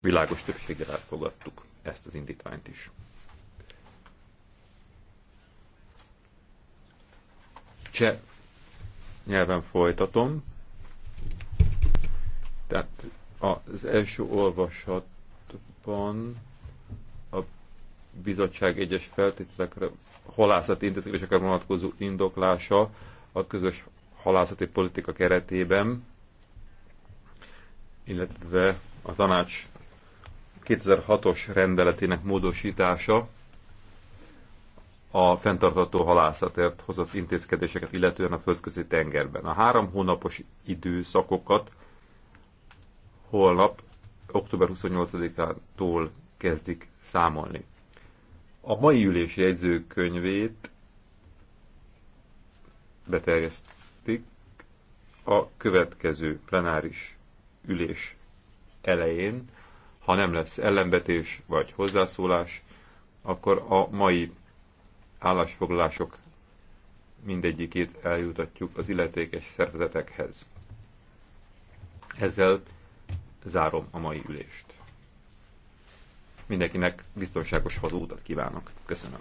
Világos többséggel elfogadtuk ezt az indítványt is. Cseh nyelven folytatom. Tehát az első olvasatban a bizottság egyes feltételekre halászati intézkedésekre vonatkozó indoklása a közös halászati politika keretében, illetve a tanács 2006-os rendeletének módosítása a fenntartató halászatért hozott intézkedéseket, illetően a földközi tengerben. A három hónapos időszakokat holnap, október 28-tól kezdik számolni. A mai ülés jegyzőkönyvét beterjesztik a következő plenáris ülés elején, ha nem lesz ellenvetés vagy hozzászólás, akkor a mai állásfoglalások mindegyikét eljutatjuk az illetékes szervezetekhez. Ezzel zárom a mai ülést. Mindenkinek biztonságos hazútat kívánok. Köszönöm.